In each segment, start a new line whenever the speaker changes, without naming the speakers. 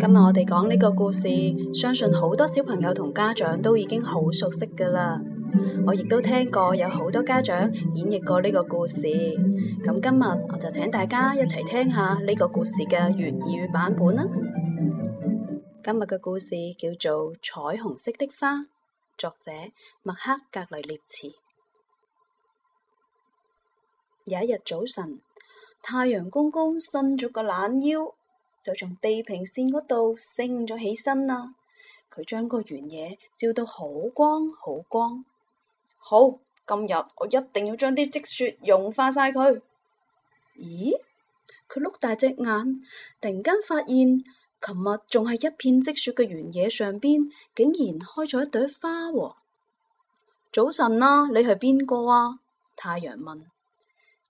今日我哋講呢個故事，相信好多小朋友同家長都已經好熟悉㗎喇。我亦都聽過有好多家長演繹過呢個故事。咁今日我就請大家一齊聽下呢個故事嘅粵語版本啦。今日嘅故事叫做《彩虹色的花》，作者麥克格雷涅茨。有一日早晨，太陽公公伸咗個懶腰。就從地平線嗰度升咗起身啦！佢將個原野照到好光好光。好，今日我一定要將啲積雪融化晒佢。咦？佢碌大隻眼，突然間發現，琴日仲係一片積雪嘅原野上邊，竟然開咗一朵花喎。早晨啊，你係邊個啊？太陽問。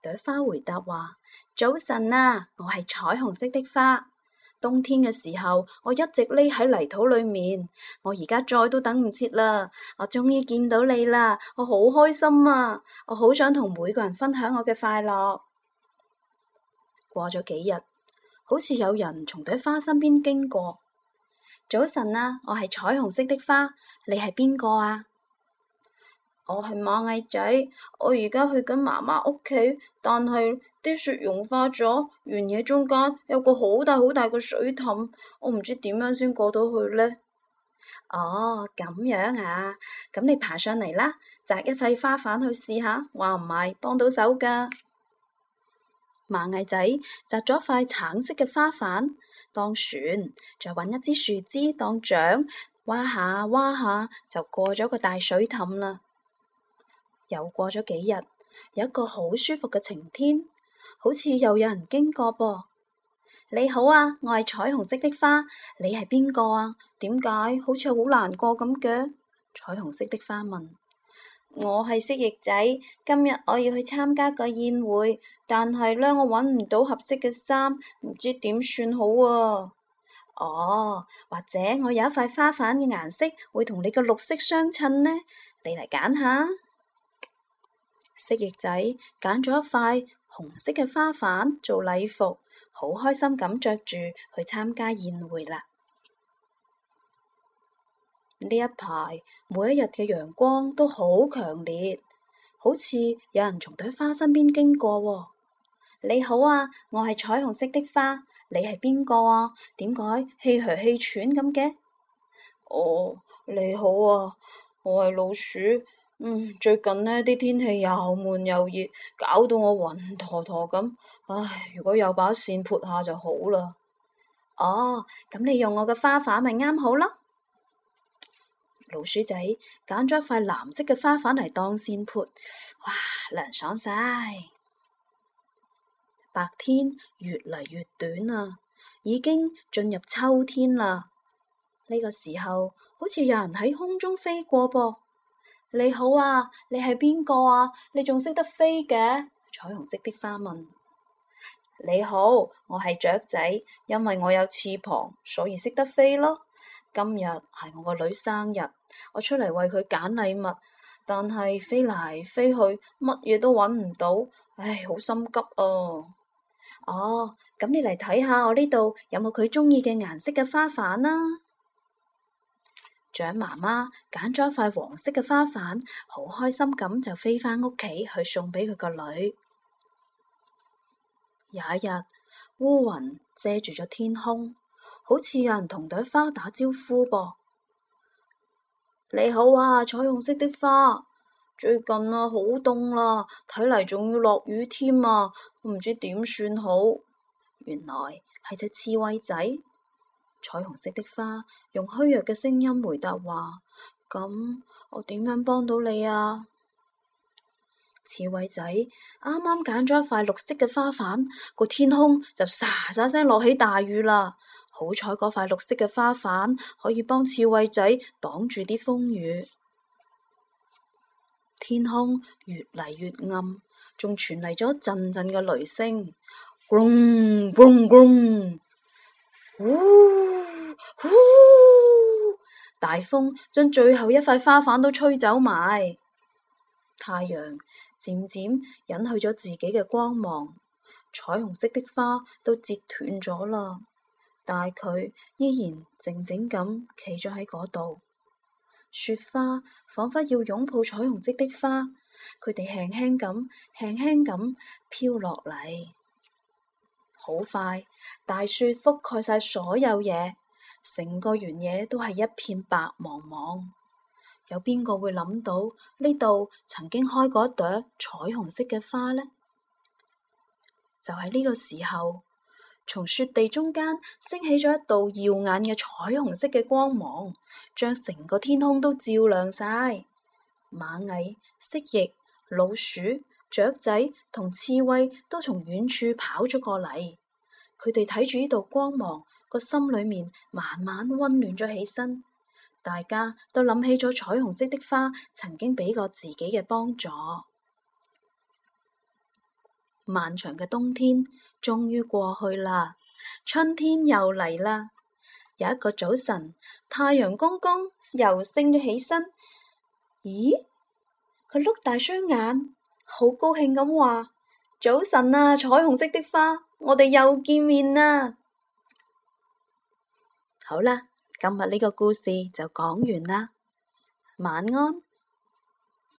朵花回答話：早晨啊，我係彩虹色的花。冬天嘅時候，我一直匿喺泥土裏面。我而家再都等唔切啦，我終於見到你啦！我好開心啊！我好想同每個人分享我嘅快樂。過咗幾日，好似有人從朵花身邊經過。早晨啊，我係彩虹色的花，你係邊個啊？我係螞蟻仔，我而家去緊媽媽屋企，但係啲雪融化咗，原野中間有個好大好大嘅水凼，我唔知點樣先過到去呢？哦，咁樣啊，咁你爬上嚟啦，摘一塊花瓣去試下，話唔埋幫到手㗎。螞蟻仔摘咗塊橙色嘅花瓣當船，再搵一支樹枝當槳，挖下挖下就過咗個大水凼啦。又過咗幾日，有一個好舒服嘅晴天，好似又有人經過噃。你好啊，我係彩虹色的花，你係邊個啊？點解好似好難過咁嘅？彩虹色的花問：我係蜥蜴仔，今日我要去參加個宴會，但係呢，我揾唔到合適嘅衫，唔知點算好啊？哦，或者我有一塊花瓣嘅顏色會同你個綠色相襯呢？你嚟揀下。蜥蜴仔揀咗一塊紅色嘅花瓣做禮服，好開心咁着住去參加宴會啦。呢一排每一日嘅陽光都好強烈，好似有人從朵花身邊經過，哦。你好啊，我係彩虹色的花，你係邊個啊？點解氣嘘氣喘咁嘅？哦，你好啊，我係老鼠。嗯，最近呢啲天氣又悶又熱，搞到我暈陀陀咁。唉，如果有把扇潑下就好啦。哦，咁你用我嘅花瓣咪啱好啦。老鼠仔揀咗一塊藍色嘅花瓣嚟當扇潑，哇，涼爽晒！白天越嚟越短啦，已經進入秋天啦。呢個時候，好似有人喺空中飛過噃。你好啊，你係邊個啊？你仲識得飛嘅？彩虹色的花問。你好，我係雀仔，因為我有翅膀，所以識得飛咯。今日係我個女生日，我出嚟為佢揀禮物，但係飛嚟飛去，乜嘢都揾唔到，唉，好心急啊！哦、啊，咁你嚟睇下我呢度有冇佢鍾意嘅顏色嘅花瓣啦、啊。長媽媽揀咗一塊黃色嘅花瓣，好開心咁就飛返屋企去送俾佢個女。有一日，烏雲遮住咗天空，好似有人同朵花打招呼啵。你好啊，彩虹色的花，最近啊好凍啦，睇嚟仲要落雨添啊，唔知點算好。原來係隻刺蝟仔。彩虹色的花，用虛弱嘅聲音回答話：咁我點樣幫到你啊？刺猬仔啱啱揀咗一塊綠色嘅花瓣，個天空就沙沙聲落起大雨啦。好彩嗰塊綠色嘅花瓣可以幫刺猬仔擋住啲風雨。天空越嚟越暗，仲傳嚟咗陣陣嘅雷聲，噗噗噗噗噗噗嗚嗚，大風將最後一塊花瓣都吹走埋，太陽漸漸隱去咗自己嘅光芒，彩虹色的花都折斷咗啦，但係佢依然靜靜咁企咗喺嗰度，雪花仿佛要擁抱彩虹色的花，佢哋輕輕咁、輕輕咁飄落嚟。好快，大雪覆蓋晒所有嘢，成個原野都係一片白茫茫。有邊個會諗到呢度曾經開過一朵彩虹色嘅花呢？就喺呢個時候，從雪地中間升起咗一道耀眼嘅彩虹色嘅光芒，將成個天空都照亮晒。螞蟻、蜥蜴、老鼠。雀仔同刺蝟都從遠處跑咗過嚟，佢哋睇住呢道光芒，個心裏面慢慢溫暖咗起身。大家都諗起咗彩虹色的花曾經俾過自己嘅幫助。漫長嘅冬天終於過去啦，春天又嚟啦。有一個早晨，太陽公公又升咗起身，咦？佢碌大雙眼。好高興咁話，早晨啊，彩虹色的花，我哋又見面啦。好啦，今日呢個故事就講完啦。晚安。